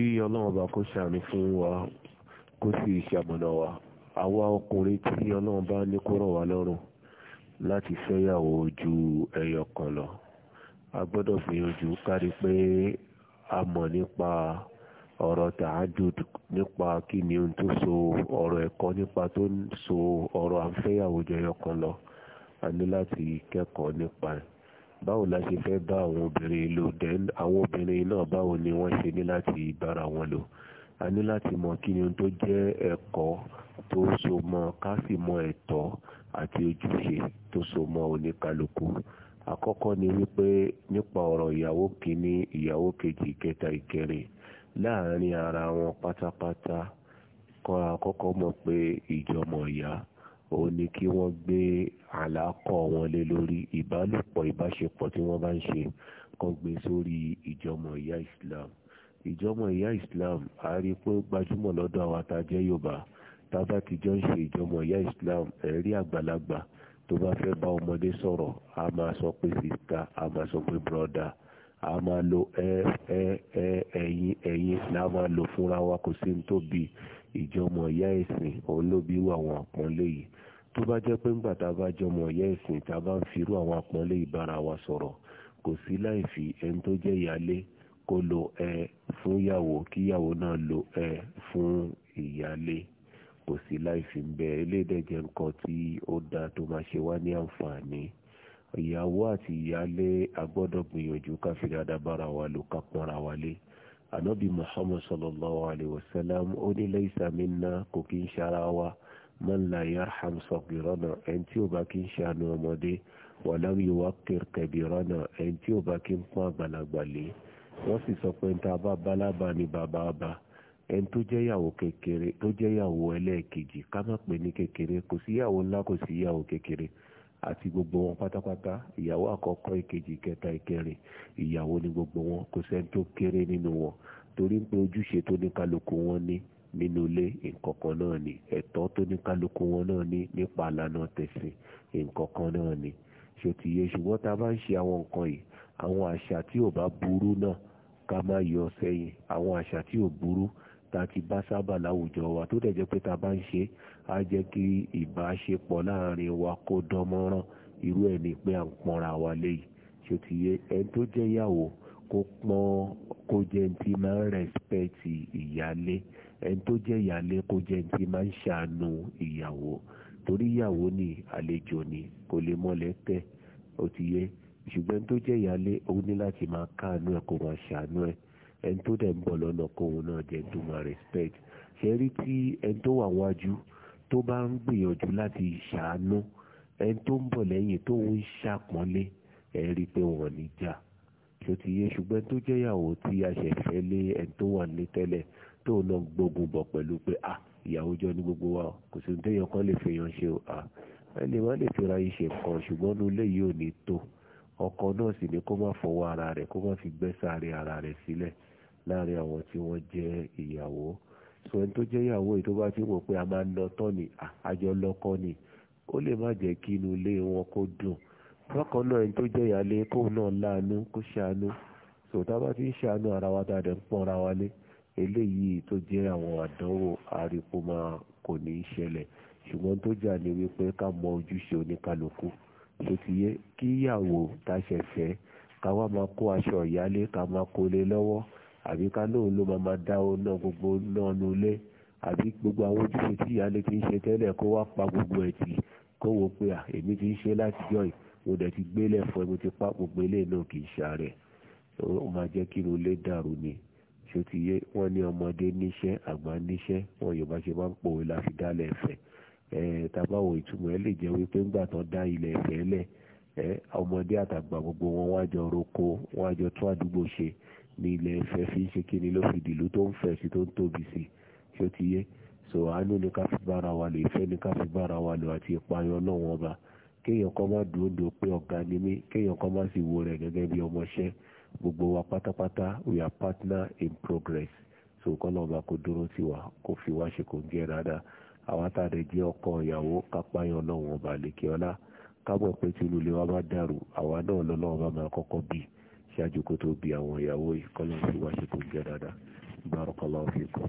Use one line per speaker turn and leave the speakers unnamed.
kí ọlọ́run bá kó fún wa kó sì ṣàmọ̀nà wa àwa ọkùnrin tí ọlọ́run bá ní kó rọ̀ wá láti fẹ́yàwó ju ẹyọ kan lọ a gbọ́dọ̀ gbìyànjú kárí pé a mọ̀ nípa ọ̀rọ̀ tàájùd nípa kí ni ohun tó so ọ̀rọ̀ ẹ̀kọ́ nípa tó so ọ̀rọ̀ à ń kan lọ a ní láti kẹ́kọ̀ọ́ nípa báwo la ṣe fẹ́ bá àwọn obìnrin lò then àwọn obìnrin náà báwo ni wọ́n ṣe ní láti bára wọn lò a ní láti mọ kí ni tó jẹ́ ẹ̀kọ́ tó so mọ́ ká sì mọ ẹ̀tọ́ àti ojúṣe tó so mọ́ oníkálukú àkọ́kọ́ ni wípé nípa ọ̀rọ̀ ìyàwó kìíní ìyàwó kejì ìkẹta ìkẹrin láàárín ara wọn pátápátá kọ́ àkọ́kọ́ mọ̀ pé ìjọmọ̀ ìyá òun ni kí wọ́n gbé àlákọ̀ wọn lé lórí ìbálòpọ̀ ìbáṣepọ̀ tí wọ́n bá ń ṣe kan gbé sórí ìjọmọ̀ ìyá Islam ìjọmọ̀ ìyá Islam a rí pé ó gbajúmọ̀ lọ́dọ̀ àwọn atajẹ́ Yorùbá tábà ń ṣe ìjọmọ̀ ìyá Islam ẹ̀rí àgbàlagbà tó bá fẹ́ bá ọmọdé sọ̀rọ̀ a máa sọ pé sista a máa sọ pé broda a máa lo ẹ ẹ ẹ máa lò fúnra wa kò sí ní tó bi ìjọmọ̀ ìyá ẹ̀sìn òun ló bí irú àwọn àpọ́nlé yìí tó bá jẹ́ pé ńgbà tá a bá jọmọ̀ ìyá ẹ̀sìn tá a bá ń fi irú àwọn àpọ́nlé yìí bára wa sọ̀rọ̀ kò sí láì fi ẹni tó jẹ́ ìyálé kó lo ẹ fún ìyàwó kí ìyàwó náà lo ẹ fún ìyálé kò sí láì fi ń bẹ elédèjẹ nǹkan tí ó da tó máa ṣe wá ní àǹfààní ìyàwó àti ìyálé a gbìyànjú ká fi wa lò ká pọ́nra wa lé anabi muhammad sallallahu alayhi wa sallam ó ní laysa minna kò kí ń ṣara wa man la yarham sagirana ẹni tí ó bá kí ń ṣàánú ọmọdé walam yuwaqqir kabirana ẹni tí ó bá kí ń pọ́n àgbàlagbà lé wọ́n sì sọ pé níta bá bálábà ni bàbá bá ẹni tó jẹ́ yàwó kékeré tó jẹ́ yàwó ẹlẹ́ẹ̀kejì ká má pè ní kékeré kò sí ńlá kò sí kékeré àti gbogbo wọn pátápátá ìyàwó àkọ́kọ́ ìkejì ìkẹta ìkẹrin ìyàwó ni gbogbo wọn kò sẹ́ni tó kéré nínú wọn torí pé ojúṣe tó ní kálukú wọn ní nínú ilé nǹkankan náà ni ẹ̀tọ́ tó ní kálukú wọn náà ní nípa ìlànà tẹ̀sìn nǹkankan náà ni ṣòtìyẹ ṣùgbọ́n tá a bá ń ṣe àwọn nǹkan yìí àwọn àṣà tí ò bá burú náà ká má yọ sẹ́yìn àwọn àṣà tí ò burú tá a ti bá sábà láwùjọ wa tó dẹ̀ jẹ́ pé tá bá ń ṣe á jẹ́ kí ìbáṣepọ̀ láàrin wa kó dán irú ẹ̀ ni pé à ń pọnra wa léyìí ṣé ti yé ẹni tó jẹ́ ìyàwó kó pọ́n kó jẹ́ ẹni tí máa ń rẹ́spẹ̀tì ìyálé ẹni tó jẹ́ ìyálé kó jẹ́ ẹni tí máa ń ṣàánú ìyàwó torí ìyàwó ni àlejò ni kò lè mọ́lẹ̀ tẹ́ ó ti yé ṣùgbọ́n tó jẹ́ ìyálé ó ní láti máa káàánú ẹ̀ kó máa ṣàánú ẹ̀ ẹni tó dẹ̀ ń bọ̀ lọ́nà kóun náà jẹ́ tó máa respect ṣe rí tí ẹni tó wà wájú tó bá ń gbìyànjú láti ṣàánú ẹni tó ń bọ̀ lẹ́yìn tó ń ṣàpọ́nlé ẹ̀ rí i pé wọ́n ní jà tó ti yé ṣùgbọ́n tó jẹ́yàwó tí a ṣẹ̀ fẹ́ lé ẹni tó wà ní tẹ́lẹ̀ tó ń lọ gbógun bọ̀ pẹ̀lú pé à ìyàwó jọ ní gbogbo wa kò sí ní téèyàn kan lè fèèyàn ṣe o à ẹ lè lè fira yín ṣe nǹkan ṣùgbọ́n nulẹ̀ yìí ò ní tó ọkọ náà sì ni kó má fọwọ́ ara rẹ̀ kó má fi gbẹ́sàárẹ̀ ara rẹ̀ sílẹ̀ láàrin àwọn tí wọ́n jẹ́ ìyàwó sọ ẹni tó jẹ́ ìyàwó yìí tó bá ti wọ̀ pé a máa ń lọ tán ni àjọ lọ́kọ́ ni ó lè má jẹ́ kí inú ilé wọn kó dùn bákan náà ẹni tó jẹ́ ìyálé kóun náà láàánú kó ṣàánú sòtá bá ti ń ṣàánú ara wa dáadáa ń pọ́n ara wa lé eléyìí tó jẹ́ àwọn àdánwò àrípò máa kò ní í ṣẹlẹ̀ ṣùgbọ́n tó jà ní wípé ká mọ ojúṣe oníkálukú tó ti yé kíyàwó tá a ṣẹ̀fẹ́ ká wá máa kó aṣọ ìyálé ká máa kó lé lọ́wọ́ àbí ká lóun ló máa máa dáwọ́ náà gbogbo náà nulẹ̀ àbí gbogbo àwọn ojúṣe tí ìyálé ti ń ṣe tẹ́lẹ̀ kó wá pa gbogbo ẹ̀ tì kó wo pé à èmi ti ń ṣe láti jọ yìí mo dẹ̀ ti gbélé fún ẹ mo ti pa gbogbo ilé náà kì í ṣàárẹ̀ ó máa jẹ́ kí irun lé dàrú ni ṣó ti yé wọ́n ní ọmọdé níṣẹ́ àgbà níṣẹ́ wọn Yorùbá ṣe máa ń pòwe láfi dálẹ̀ ẹ̀fẹ̀ tabawo ìtumọ̀ ẹ lè jẹ́ wípé ńgbà tán dá ilẹ̀ Ifẹ̀ lẹ̀ ọmọdé àtàgbà gbogbo wọn wá jọ roko wọn wá jọ tún àdúgbò ṣe ní ilẹ̀ fi ń ṣe kíni ló fi dìlú tó ń fẹ̀ sí tó ń so àánú ni ká fi bára wa lò ìfẹ́ ni ká fi bára wa lò àti ìpayọ̀ náà wọn bá kéèyàn kan má dùn dùn pé ọ̀gá ni mí kéèyàn kan má sì wo rẹ̀ gẹ́gẹ́ bí ọmọṣẹ́ gbogbo wa pátápátá we are partner in progress so kọ́nà ọba kò dúró tiwa kò fi wá ṣe kò ń gẹ́ rárá. àwọn àtàdé jẹ́ ọkọ ìyàwó kápáyọ̀ ọlọ́run ọba àlekè ọlá kábọ̀ pé tí wa bá dàrú àwa náà lọ́lọ́run bá máa kọ́kọ́ bì ṣáájú kó tó bi àwọn ìyàwó yìí kọ́lọ́run ti wá ṣe kó jẹ́ dáadáa barakallahu fikum.